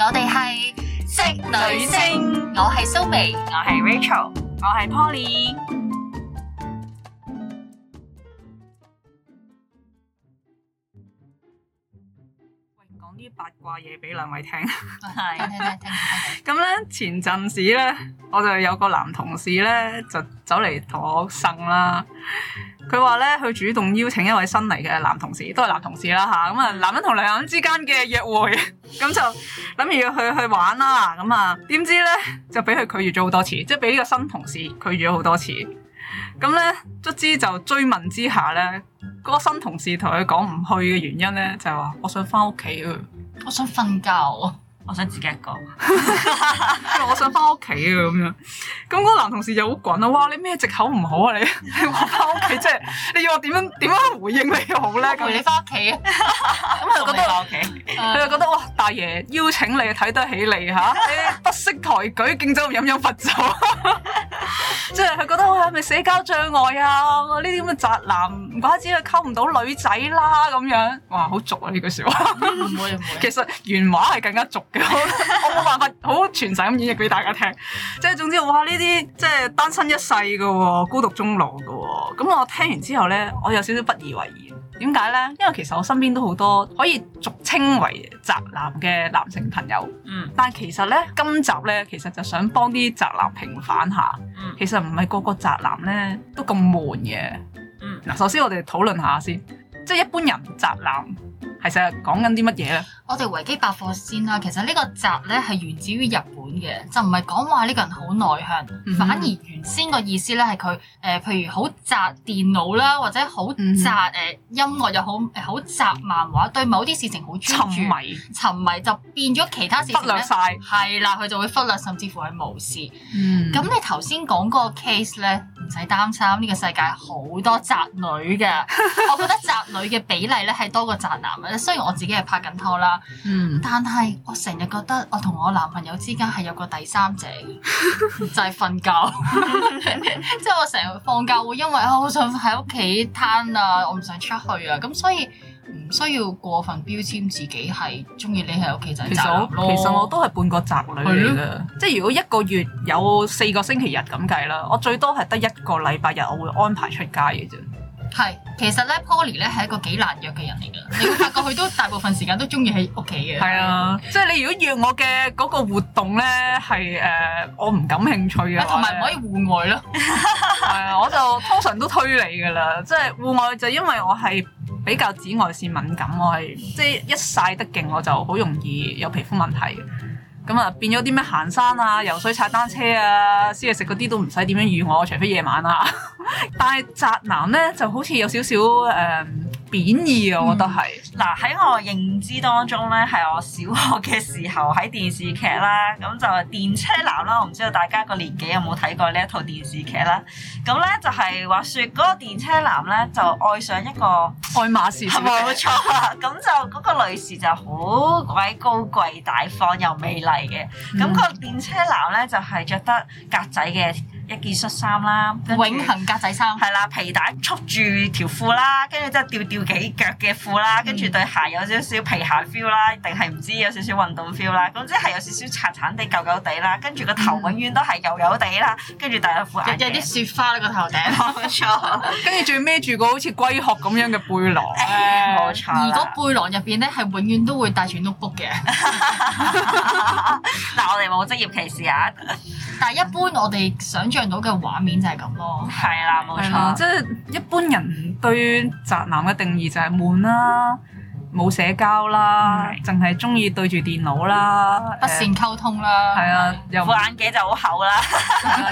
我哋係職女聲，我係蘇眉，我係是 Rachel，我係 Polly。八卦嘢俾兩位聽，咁咧前陣時咧，我就有個男同事咧，就走嚟同我剩啦。佢話咧，佢主動邀請一位新嚟嘅男同事，都係男同事啦吓，咁啊，男人同女人之間嘅約會，咁就諗住約去去玩啦。咁啊，點知咧就俾佢拒絕咗好多次，即係俾呢個新同事拒絕咗好多次。咁咧，卒之就追問之下咧，嗰、那個新同事同佢講唔去嘅原因咧、就係，就話我想返屋企啊。我想瞓覺。我想自己一個， 我想翻屋企啊咁樣，咁、那、嗰、個、男同事又好滾啊！哇，你咩藉口唔好啊你？你翻屋企即係，你要我點樣點樣回應你好咧？你回 你翻屋企，咁又 覺得，屋企，佢就覺得哇、哦，大爺，邀請你睇得起你嚇， 你不識抬舉，敬酒飲飲罰酒， 即係佢覺得我係咪社交障礙啊？呢啲咁嘅宅男，唔怪之佢溝唔到女仔啦咁樣。哇，好俗啊呢句説話！其實原話係更加俗 我冇辦法好傳神咁演繹俾大家聽，即係總之哇呢啲即係單身一世噶，孤獨終老噶，咁我聽完之後咧，我有少少不以為然。點解咧？因為其實我身邊都好多可以俗稱為宅男嘅男性朋友，嗯，但係其實咧今集咧其實就想幫啲宅男平反下，嗯，其實唔係個個宅男咧都咁悶嘅，嗯，嗱，首先我哋討論下先，即係一般人宅男。係成日講緊啲乜嘢咧？我哋維基百科先啦，其實呢個宅咧係源自於日本嘅，就唔係講話呢個人好內向，嗯、反而原先個意思咧係佢誒，譬如好宅電腦啦，或者好宅誒音樂又好誒好宅漫畫，對某啲事情好專注，沉迷就變咗其他事情忽略晒係啦，佢就會忽略甚至乎係無視。咁、嗯、你頭先講嗰個 case 咧？唔使擔心，呢、這個世界好多宅女嘅， 我覺得宅女嘅比例咧係多過宅男嘅。雖然我自己係拍緊拖啦，嗯，但係我成日覺得我同我男朋友之間係有個第三者 就係瞓覺。即 係 我成日放假會因為我好想喺屋企攤啊，我唔想出去啊，咁所以。唔需要過分標籤自己，係中意你喺屋企仔。其實我都係半個宅女嚟噶。的即係如果一個月有四個星期日咁計啦，我最多係得一個禮拜日我會安排出街嘅啫。係，其實咧，Polly 咧係一個幾難約嘅人嚟噶。你會發覺佢都大部分時間都中意喺屋企嘅。係啊， 即係你如果約我嘅嗰個活動咧，係誒、呃、我唔感興趣啊，同埋唔可以戶外咯。係 啊，我就通常都推你噶啦，即係戶外就因為我係。比較紫外線敏感，我係即係一曬得勁，我就好容易有皮膚問題嘅。咁啊，變咗啲咩行山啊、游水、踩單車啊、宵夜食嗰啲都唔使點樣預我，除非夜晚啊。 但係宅男呢，就好似有少少誒。嗯貶義啊，我覺得係、嗯。嗱喺我認知當中咧，係我小學嘅時候喺電視劇啦，咁就電車男啦，我唔知道大家個年紀有冇睇過呢一套電視劇啦。咁咧就係、是、話説嗰個電車男咧就愛上一個愛馬仕小姐，係咪？冇錯啊？咁就嗰個女士就好鬼高貴、大方又美麗嘅，咁個電車男咧就係、是、着得格仔嘅。一件恤衫啦，永恒格仔衫。係啦，皮帶束住條褲啦，跟住即係吊吊幾腳嘅褲啦，嗯、跟住對鞋有少少皮鞋 feel 啦，定係唔知有少少運動 feel 啦，總之係有少少殘殘地舊舊地啦，跟住個頭永遠都係油油地啦，嗯、跟住戴一副眼鏡有啲雪花喺、那個頭頂，冇錯。跟住仲要孭住個好似龜殼咁樣嘅背囊，冇錯。而果背囊入邊咧，係永遠都會帶住 notebook 嘅。嗱 我哋冇職業歧視啊！ 但一般我哋想像到嘅畫面就係咁咯，係啦，冇錯，即一般人對宅男嘅定義就係悶啦、啊。冇社交啦，淨係中意對住電腦啦，不善溝通啦，係啊，副眼鏡就好厚啦，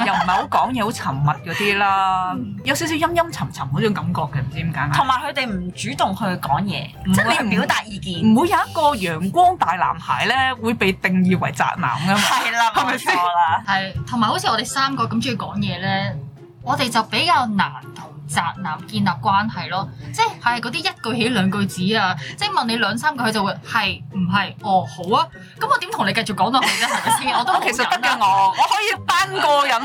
又唔係好講嘢，好沉默嗰啲啦，有少少陰陰沉沉嗰種感覺嘅，唔知點解。同埋佢哋唔主動去講嘢，即係唔表達意見。唔會有一個陽光大男孩咧，會被定義為宅男㗎嘛？係啦，冇錯啦？係，同埋好似我哋三個咁中意講嘢咧，我哋就比較難。宅男建立關係咯，即係係嗰啲一句起兩句止啊，即係問你兩三句佢就會係唔係？哦，好啊，咁我點同你繼續講落去啫？係咪先？ 我都、啊、其實得嘅我，我可以單個人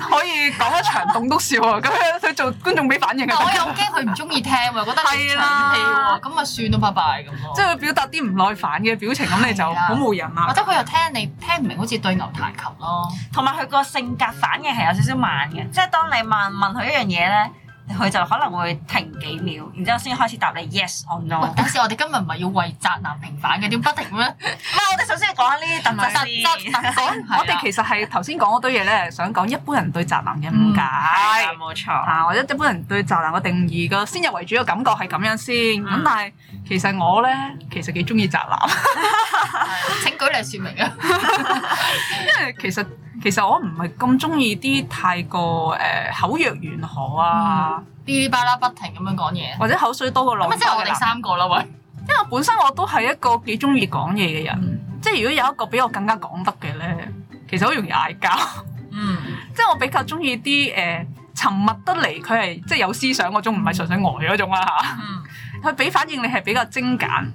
可以講一場棟篤笑啊，咁 樣佢做觀眾俾反應、嗯、我又驚佢唔中意聽喎，覺得太長氣喎，咁咪、 啊、算咯，拜拜。」e b 咁即係佢表達啲唔耐煩嘅表情，咁、 啊、你就好無癮啦、啊。或者佢又聽你， 你聽唔明，好似對牛彈琴咯。同埋佢個性格反應係有少少慢嘅，即係當你問問佢一樣嘢咧。佢就可能會停幾秒，然之後先開始答你 yes or no。喂，等下我哋今日唔係要為宅男平反嘅，點不停咁樣？唔係， 我哋首先講下呢啲，同埋宅宅宅講， 我哋其實係頭先講嗰堆嘢咧， 想講一般人對宅男嘅誤解，冇錯、嗯、啊，或者 一般人對宅男嘅定義個先入為主嘅感覺係咁樣先。咁、嗯、但係其實我咧其實幾中意宅男， 請舉例説明啊， 因為其實。其實我唔係咁中意啲太過誒、呃、口若懸河啊，啲啲巴拉不停咁樣講嘢，或者口水多過腦啦。即係我哋三個啦，喂！因為我本身我都係一個幾中意講嘢嘅人，嗯、即係如果有一個比我更加講得嘅咧，其實好容易嗌交。嗯，即係我比較中意啲誒沉默得嚟，佢係即係有思想嗰種，唔係純粹呆嗰種啦嚇。佢俾、嗯、反應你係比較精簡。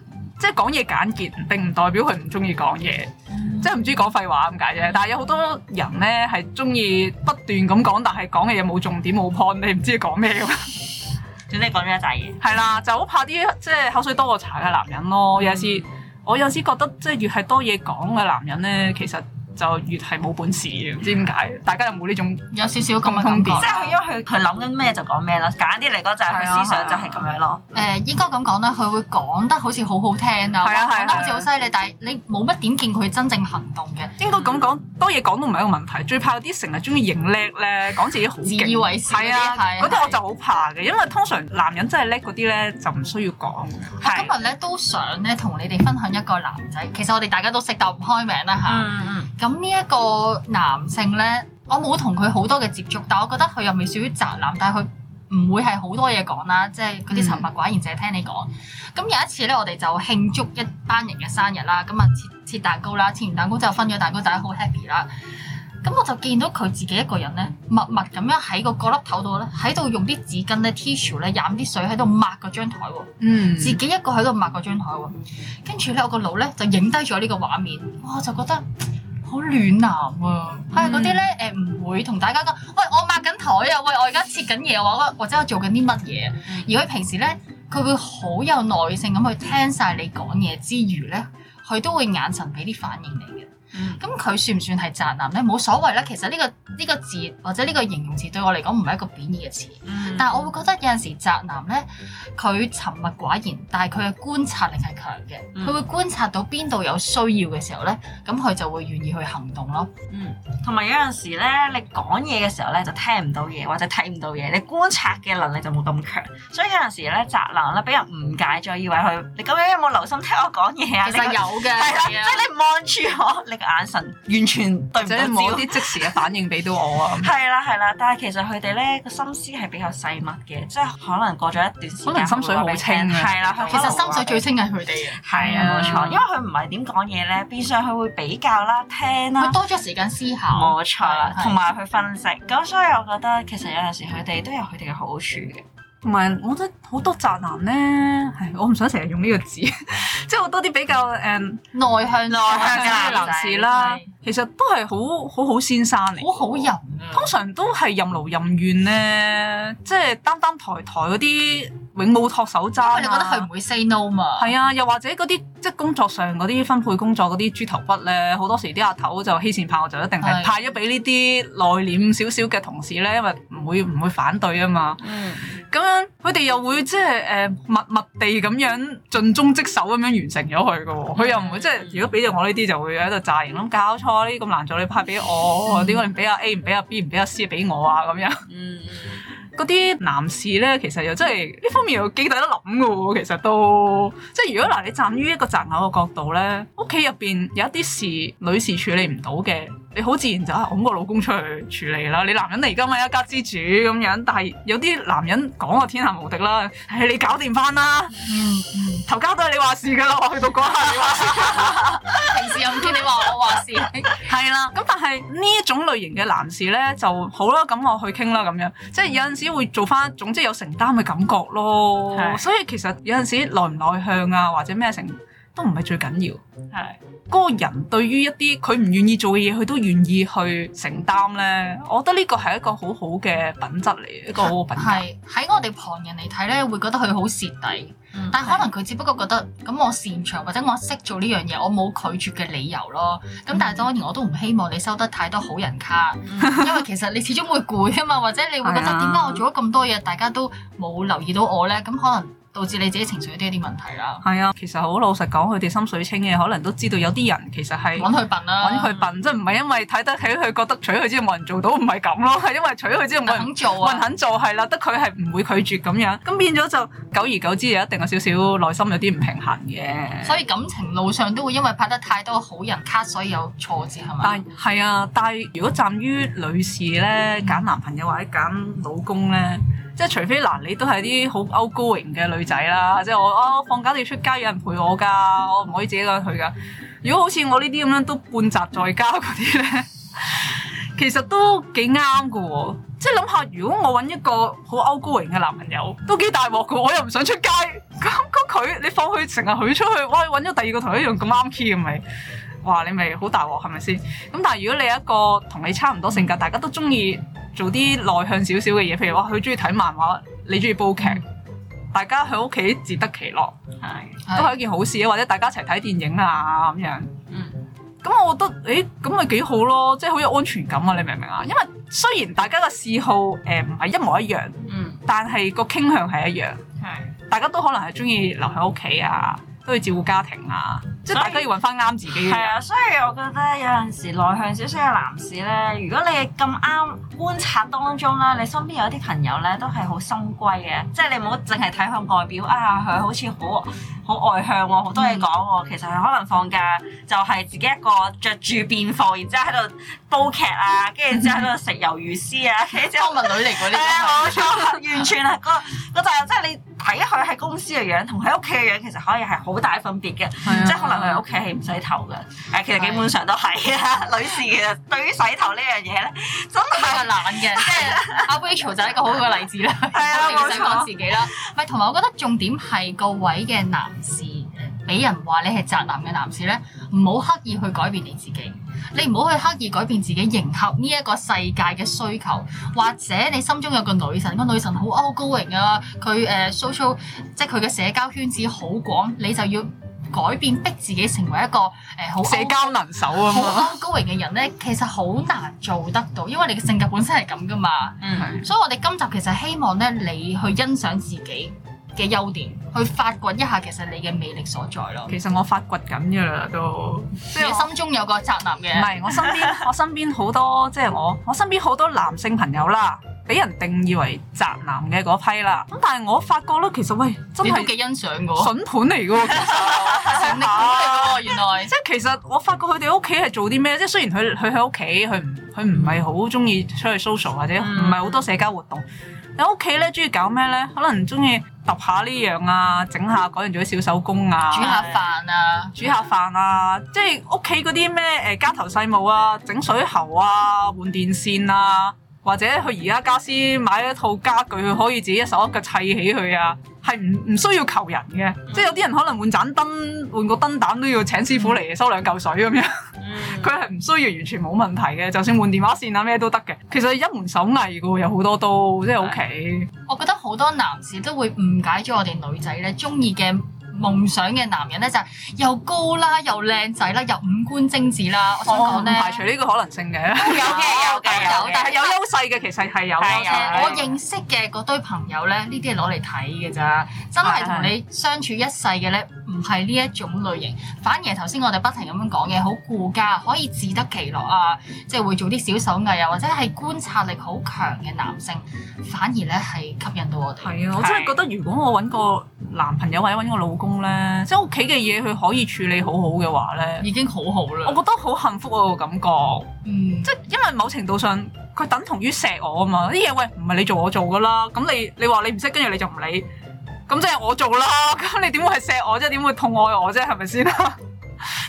即係講嘢簡潔，並唔代表佢唔中意講嘢，嗯、即係唔中意講廢話咁解啫。但係有好多人咧係中意不斷咁講，但係講嘅嘢冇重點，冇 point，你唔知佢講咩咁。總之講咗一紮嘢。係 啦，就好怕啲即係口水多過茶嘅男人咯。嗯、有時我有時覺得，即係越係多嘢講嘅男人咧，其實。就越係冇本事，唔知點解？大家有冇呢種？有少少咁嘅感覺，即係因為佢佢諗緊咩就講咩咯，簡單啲嚟講就係佢思想就係咁樣咯。誒，應該咁講咧，佢會講得好似好好聽啊，講得好似好犀利，但係你冇乜點見佢真正行動嘅。應該咁講，多嘢講都唔係一個問題，最怕有啲成日中意認叻咧，講自己好自以為是，係啊，嗰啲我就好怕嘅，因為通常男人真係叻嗰啲咧就唔需要講。今日咧都想咧同你哋分享一個男仔，其實我哋大家都識，但唔開名啦吓。嗯嗯。咁呢一個男性呢，我冇同佢好多嘅接觸，但係我覺得佢又未屬於宅男，但係佢唔會係好多嘢講啦，即係嗰啲沉默寡言。淨係聽你講。咁、嗯、有一次呢，我哋就慶祝一班人嘅生日啦，咁啊切切蛋糕啦，切完蛋糕之後就分咗蛋糕，大家好 happy 啦。咁我就見到佢自己一個人呢，默默咁樣喺個角落頭度呢，喺度用啲紙巾呢，tissue 呢，飲啲水喺度抹嗰張台喎。嗯。自己一個喺度抹嗰張台喎，跟住呢，我個腦呢，就影低咗呢個畫面，我就覺得，好暖男啊！係嗰啲咧，誒唔、啊呃、會同大家講，喂，我抹緊台啊，喂，我而家切緊嘢啊，或或者我做緊啲乜嘢？而佢平時咧，佢會好有耐性咁去聽晒你講嘢之餘咧，佢都會眼神俾啲反應你嘅。咁佢、嗯、算唔算係宅男呢？冇所謂啦。其實呢、這個呢、這個字或者呢個形容詞對我嚟講唔係一個貶義嘅詞。嗯、但係我會覺得有陣時宅男呢，佢沉默寡言，但係佢嘅觀察力係強嘅。佢會觀察到邊度有需要嘅時候呢，咁佢就會願意去行動咯。同埋、嗯、有陣時呢，你講嘢嘅時候呢，就聽唔到嘢或者睇唔到嘢，你觀察嘅能力就冇咁強。所以有陣時呢，宅男呢，俾人誤解咗，以為佢你咁樣有冇留心聽我講嘢啊？其實有嘅。即係你望住我，眼神完全對唔住，即係冇啲即時嘅反應俾到我啊！係啦， 係啦，但係其實佢哋咧個心思係比較細密嘅，即係可能過咗一段時間，可能心水好清啊！係啦，其實心水最清係佢哋啊！係啊、嗯，冇、嗯、錯，因為佢唔係點講嘢咧，變相佢會比較啦、聽啦，佢多咗時間思考，冇錯，同埋佢分析。咁的所以我覺得其實有陣時佢哋都有佢哋嘅好處嘅。唔係，我覺得好多宅男咧，係我唔想成日用呢個字，即係好多啲比較誒、um, 內向內向嘅男士啦，的其實都係好好好先生嚟，好好人、啊、通常都係任勞任怨咧， 即係擔擔抬抬嗰啲永冇托手踭、啊啊。你覺得佢唔會 say no 嘛？係啊，又或者嗰啲即係工作上嗰啲分配工作嗰啲豬頭骨咧，好多時啲阿頭就欺善怕惡，就一定係派咗俾呢啲內斂少少嘅同事咧，因為唔會唔會反對啊嘛。嗯。咁樣，佢哋又會即係誒，默默地咁樣盡忠職守咁樣完成咗佢噶。佢又唔會即係，如果俾咗我呢啲，就會喺度炸型咯。搞錯呢啲咁難做，你派俾我，點解你唔俾阿 A 唔俾阿 B 唔俾阿 C 俾我啊？咁樣。嗯。嗰啲男士咧，其實又真係呢方面又幾抵得諗嘅喎。其實都即係如果嗱，你站於一個宅男嘅角度咧，屋企入邊有一啲事，女士處理唔到嘅，你好自然就揞個、啊、老公出去處理啦。你男人嚟噶嘛，一家之主咁樣。但係有啲男人講我天下無敵啦，唉、哎，你搞掂翻啦，頭、 嗯嗯、家都係你話事噶啦，我去到關係。 係啦，咁 但係呢一種類型嘅男士咧就好啦，咁我去傾啦咁樣，即係有陣時會做翻，總之有承擔嘅感覺咯。的所以其實有陣時內唔內向啊，或者咩成都唔係最緊要。係的，個人對於一啲佢唔願意做嘅嘢，佢都願意去承擔咧。我覺得呢個係一個好好嘅品質嚟嘅，的一個好好品質。喺我哋旁人嚟睇咧，會覺得佢好蝕底。但可能佢只不過覺得咁我擅長或者我識做呢樣嘢，我冇拒絕嘅理由咯。咁但係當然我都唔希望你收得太多好人卡， 因為其實你始終會攰啊嘛。或者你會覺得點解、啊、我做咗咁多嘢，大家都冇留意到我呢？咁可能。導致你自己情緒有啲啲問題啦。係啊，其實好老實講，佢哋心水清嘅，可能都知道有啲人其實係揾佢笨啦，揾佢笨，啊、即係唔係因為睇得起佢，覺得娶佢之後冇人做到，唔係咁咯，係因為娶佢之後冇人肯做啊，冇人肯做係啦，得佢係唔會拒絕咁樣。咁變咗就久而久之，就一定有少少內心有啲唔平衡嘅。所以感情路上都會因為拍得太多好人卡，所以有挫折係咪？但係啊，但係如果站於女士咧，揀男朋友或者揀老公咧。即係除非嗱、啊，你都係啲好 outgoing 嘅女仔啦，即係我啊、哦、放假你要出街，有人陪我㗎，我唔可以自己一個人去㗎。如果好似我呢啲咁樣都半宅在家嗰啲咧，其實都幾啱嘅喎。即係諗下，如果我揾一個好 outgoing 嘅男朋友，都幾大鑊嘅，我又唔想出街。咁咁佢你放佢成日佢出去，我揾咗第二個同佢一樣咁啱 key，咪話你咪好大鑊係咪先？咁但係如果你一個同你差唔多性格，大家都中意。做啲內向少少嘅嘢，譬如話佢中意睇漫畫，你中意煲劇，嗯、大家喺屋企自得其樂，係的都係一件好事啊。或者大家一齊睇電影啊咁樣，嗯，咁我覺得誒咁咪幾好咯，即係好有安全感啊。你明唔明啊？因為雖然大家嘅嗜好誒唔係一模一樣，嗯，但係個傾向係一樣，係的大家都可能係中意留喺屋企啊，都要照顧家庭啊。即係大家要揾翻啱自己嘅。係啊，所以我覺得有陣時內向少少嘅男士咧，如果你咁啱觀察當中咧，你身邊有啲朋友咧都係好深閨嘅，即係你唔好淨係睇向外表啊，佢好似好好外向喎，好多嘢講喎，其實係可能放假就係自己一個着住便服，然之後喺度煲劇啊，跟住之後喺度食魷魚絲啊，啲村民女嚟嗰啲。冇錯、 嗯，完全係、 嗰個就係即係你。 睇佢喺公司嘅樣同喺屋企嘅樣，其實可以係好大分別嘅，啊、即係可能佢屋企係唔洗頭嘅，誒，其實基本上都係啊，女士其實對於洗頭呢樣嘢咧，真係難嘅，即係阿 Rachel 就係一個好好嘅例子啦，改變曬自己啦。唔同埋我覺得重點係個位嘅男士，俾人話你係宅男嘅男士咧，唔好刻意去改變你自己。你唔好去刻意改變自己迎合呢一個世界嘅需求，或者你心中有個女神，個女神好 outgoing 啊，佢誒、uh, social 即係佢嘅社交圈子好廣，你就要改變逼自己成為一個誒好、呃、社交能手啊！好 outgoing 嘅人呢， 其實好難做得到，因為你嘅性格本身係咁噶嘛。嗯，的所以我哋今集其實希望呢，你去欣賞自己。嘅優點，去發掘一下其實你嘅魅力所在咯。其實我發掘緊㗎啦，都即係你心中有個宅男嘅。唔係， 我身邊我身邊好多即係、就是、我我身邊好多男性朋友啦。俾人定義為宅男嘅嗰批啦，咁但係我發覺咧，其實喂真係幾欣賞嘅，筍盤嚟嘅，原來。即係其實我發覺佢哋屋企係做啲咩？即係雖然佢佢喺屋企，佢唔佢唔係好中意出去 social 或者唔係好多社交活動。喺屋企咧，中意搞咩咧？可能中意揼下呢樣啊，整下嗰樣做啲小手工啊，煮下飯啊，煮下飯啊，煮下飯啊，即係屋企嗰啲咩誒家頭細務啊，整水喉啊，換電線啊。或者佢而家家私買一套家具，佢可以自己一手一腳砌起佢啊，係唔唔需要求人嘅。即係有啲人可能換盞燈，換個燈膽都要請師傅嚟收兩嚿水咁樣。佢係唔需要完全冇問題嘅，就算換電話線啊咩都得嘅。其實一門手藝嘅，有好多都即係 OK。我覺得好多男士都會誤解咗我哋女仔咧，中意嘅。夢想嘅男人咧就係、是、又高啦，又靚仔啦，又五官精緻啦。我想講咧，哦、排除呢個可能性嘅， 有嘅有嘅有，但係有優勢嘅其實係有嘅。我認識嘅嗰堆朋友咧，呢啲係攞嚟睇嘅咋，真係同你相處一世嘅咧，唔係呢一種類型。的反而頭先我哋不停咁樣講嘅，好顧家，可以自得其樂啊，即係會做啲小手藝啊，或者係觀察力好強嘅男性，反而咧係吸引到我。係啊，我真係覺得如果我揾個男朋友或者揾個老公，咧，即係屋企嘅嘢，佢可以處理好好嘅話咧，已經好好啦。我覺得好幸福啊個感覺，嗯、即係因為某程度上，佢等同於錫我啊嘛。啲嘢喂，唔係你做我做噶啦，咁你你話你唔識，跟住你就唔理，咁即係我做啦。咁你點會係錫我，即係點會痛愛我啫？係咪先啦？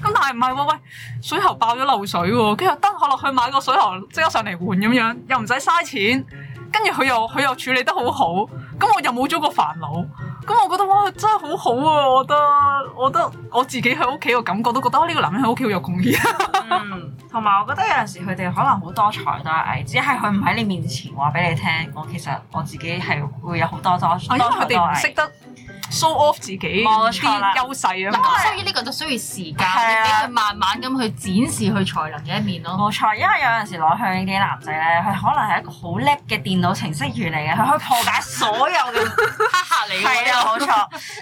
咁 但係唔係喎喂，水喉爆咗漏水喎、喔，佢又蹲下落去買個水喉，即刻上嚟換咁樣，又唔使嘥錢，跟住佢又佢又，又處理得好好，咁我又冇咗個煩惱。咁我覺得哇，真係好好啊！我覺得，我覺得我自己喺屋企個感覺都覺得，呢、呢個男人喺屋企好有貢獻、啊。同 埋、嗯、我覺得有陣時佢哋可能好多才多藝，只係佢唔喺你面前話俾你聽。我其實我自己係會有好多多。因為佢哋唔識得。多 show、so、off 自己啲優勢啊嘛，啊所以呢個都需要時間，俾佢、啊、慢慢咁去展示佢才能嘅一面咯。冇錯，因為有陣時攞向啲男仔咧，佢可能係一個好叻嘅電腦程式員嚟嘅，佢可以破解所有嘅黑客嚟嘅，係啊，冇錯。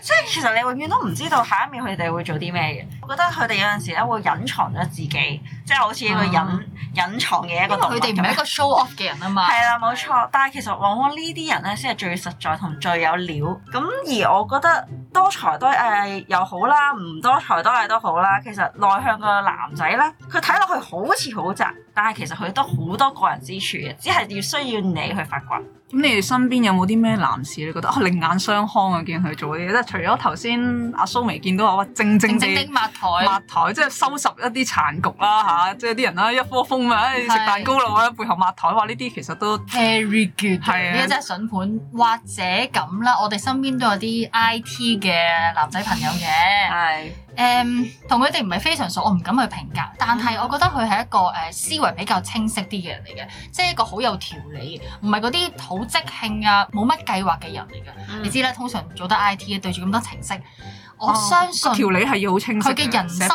所以其實你永遠都唔知道下一秒佢哋會做啲咩嘅。我覺得佢哋有陣時咧會隱藏咗自己。即係好似一個隱、嗯、隱藏嘅一個動物，佢哋唔係一個 show off 嘅人啊嘛。係啦 了，冇了錯。但係其實往往呢啲人咧，先係最實在同最有料。咁而我覺得多才多藝又好啦，唔多才多藝都好啦。其實內向個男仔咧，佢睇落去好似好宅。但係其實佢都好多個人之處嘅，只係要需要你去發掘。咁你哋身邊有冇啲咩男士你覺得啊，另眼相看啊，見佢做啲嘢，即係除咗頭先阿蘇眉見到啊，哇，正正正抹台抹台，即係收拾一啲殘局啦吓，即係啲人啦，一窩蜂啊，咪食、就是哎、蛋糕啦，喺是背後抹台話呢啲其實都 very good，呢啲真係筍盤。的或者咁啦，我哋身邊都有啲 IT 嘅男仔朋友嘅。係。誒，同佢哋唔係非常熟，我唔敢去評價。但係，我覺得佢係一個誒、呃、思維比較清晰啲嘅人嚟嘅，即係一個好有條理，唔係嗰啲好即興啊，冇乜計劃嘅人嚟嘅。嗯、你知啦，通常做得 IT 嘅，對住咁多程式。我相信條理係要好清晰嘅。人生,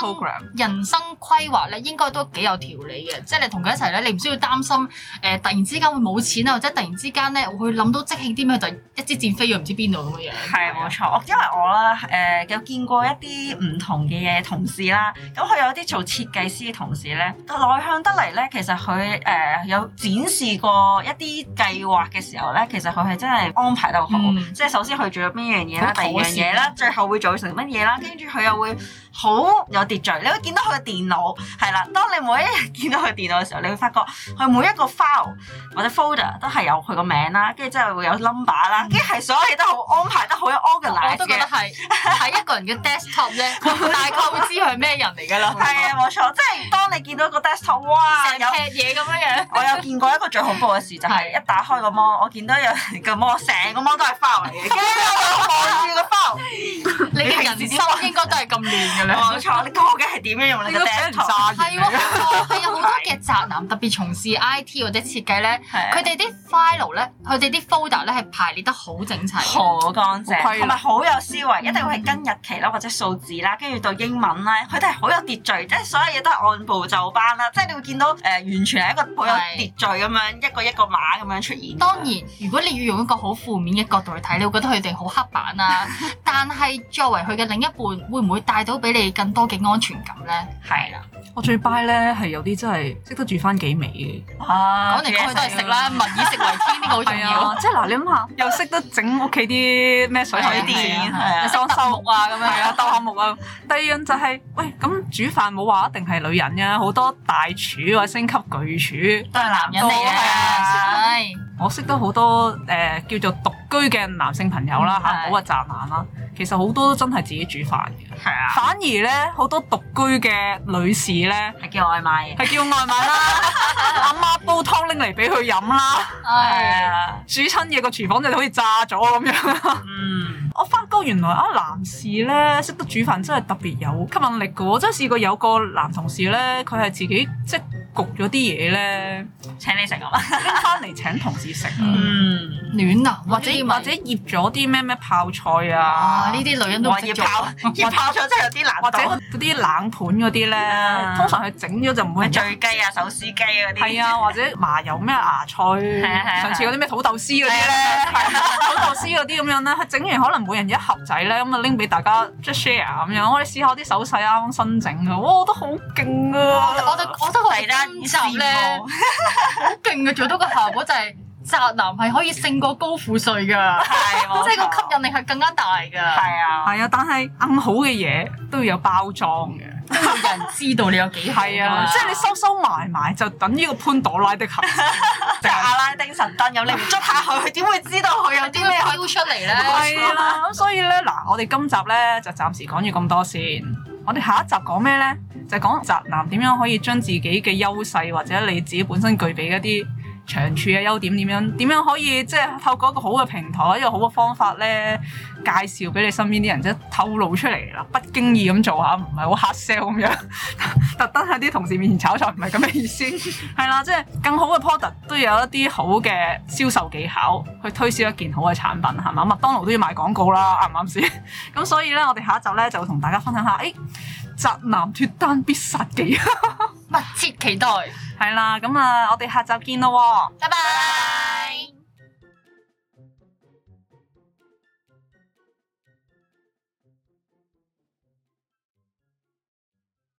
人生規劃咧應該都幾有條理嘅，即係你同佢一齊咧，你唔需要擔心誒、呃、突然之間會冇錢啊，或者突然之間咧會諗到即興啲咩就一支箭飛咗唔知邊度咁嘅樣。係冇錯。因為我啦誒、呃、有見過一啲唔同嘅嘢同事啦，咁佢有啲做設計師嘅同事咧，內向得嚟咧，其實佢誒、呃、有展示過一啲計劃嘅時候咧，其實佢係真係安排得好，嗯、即係首先佢做咗邊樣嘢啦，第二樣嘢啦，最後會做成。乜嘢啦？跟住佢又會。好有秩序，你會見到佢嘅電腦係啦。當你每一日見到佢電腦嘅時候，你會發覺佢每一個 file 或者 folder 都係有佢個名啦，跟住之後會有 number 啦，跟住係所有嘢都好安排得好有 organize 嘅。我都覺得係喺一個人嘅 desktop 咧，大概會知佢咩人嚟嘅啦。係啊，冇錯，即係當你見到個 desktop，哇，成日嘢咁樣。 我有見過一個最恐怖嘅事就係一打開個 mon 我見到個個個 有個 mon 成個 mon 都係 file 嚟嘅。所有嘢都係 file。你嘅人生應該都係咁亂嘅。冇錯，你個嘅係點樣用呢個頂頭？係喎，係有好多嘅宅男，特別從事 I T 或者設計咧，佢哋啲 file 咧，佢哋啲 folder 咧係排列得好整齊、好乾淨，同埋好有思維，一定會係跟日期啦，或者數字啦，跟住到英文咧，佢哋係好有秩序，即係所有嘢都係按部就班啦。即係你會見到誒，完全係一個好有秩序咁樣一個一個碼咁樣出現。當然，如果你要用一個好負面嘅角度去睇，你會覺得佢哋好刻板啊。但係作為佢嘅另一半，會唔會帶到俾更多嘅安全感咧，係啦。我最拜 u y 咧係有啲真係識得住翻幾味嘅。啊，講嚟講去都係食啦，民以食為天呢個好重要。即係嗱，你諗下，又識得整屋企啲咩水海點，裝修木啊咁樣啊，刀砍目啊。第二樣就係，喂，咁煮飯冇話一定係女人噶，好多大廚啊，星級巨廚都係男人嚟嘅。我識得好多誒、呃、叫做獨居嘅男性朋友啦嚇，嗯、好核宅男啦。其實好多都真係自己煮飯嘅，啊、反而咧好多獨居嘅女士咧係叫外賣，係叫外賣啦，阿 媽，媽煲湯拎嚟俾佢飲啦。係啊，煮親嘢個廚房就好似炸咗咁樣。 嗯，我發覺原來啊男士咧識得煮飯真係特別有吸引力嘅，真係試過有個男同事咧，佢係自己即。焗咗啲嘢咧請你食啊！翻 嚟請同事食啊！嗯，暖啊，或者或者醃咗啲咩咩泡菜啊？呢啲、啊、女人都話醃泡 醃泡菜真係有啲難度。嗰啲冷盤嗰啲咧，通常佢整咗就唔會醉雞啊、手撕雞嗰啲，係啊，或者麻油咩芽菜， 上次嗰啲咩土豆絲嗰啲咧， 土豆絲嗰啲咁樣咧，佢整完可能每人一盒仔咧，咁啊拎俾大家即係 share 咁樣，我哋試下啲手勢啱新整嘅，哇，都好勁啊！我我覺得佢真實咧，好勁啊！做到個效果就係、是。宅男係可以勝過高富帥㗎，即係個吸引力係更加大㗎。係啊，係啊，但係暗好嘅嘢都要有包裝嘅，都要人知道你有幾好。係啊，即係你收收埋埋就等於個潘朵拉的盒，阿拉丁神燈，你唔捉下佢，點會知道佢有啲咩會出嚟咧？係啦，咁所以咧嗱，我哋今集咧就暫時講住咁多先。我哋下一集講咩咧？就講宅男點樣可以將自己嘅優勢或者你自己本身具備一啲長處嘅優點，點樣點樣可以即係透過一個好嘅平台，一個好嘅方法呢？介紹俾你身邊啲人即係，透露出嚟啦，不經意咁做下，唔係好 hard sell 咁樣，啊，特登喺啲同事面前炒菜，唔係咁嘅意思，係、啊、啦，即係更好嘅 product 都有一啲好嘅銷售技巧去推銷一件好嘅產品，係嘛？麥當勞都要賣廣告啦，啱唔啱先？咁、啊、所以呢，我哋下一集呢，就同大家分享下，誒、欸，宅男脫單必殺技，密、啊、切期待。係啦，咁我哋下集見咯，拜拜。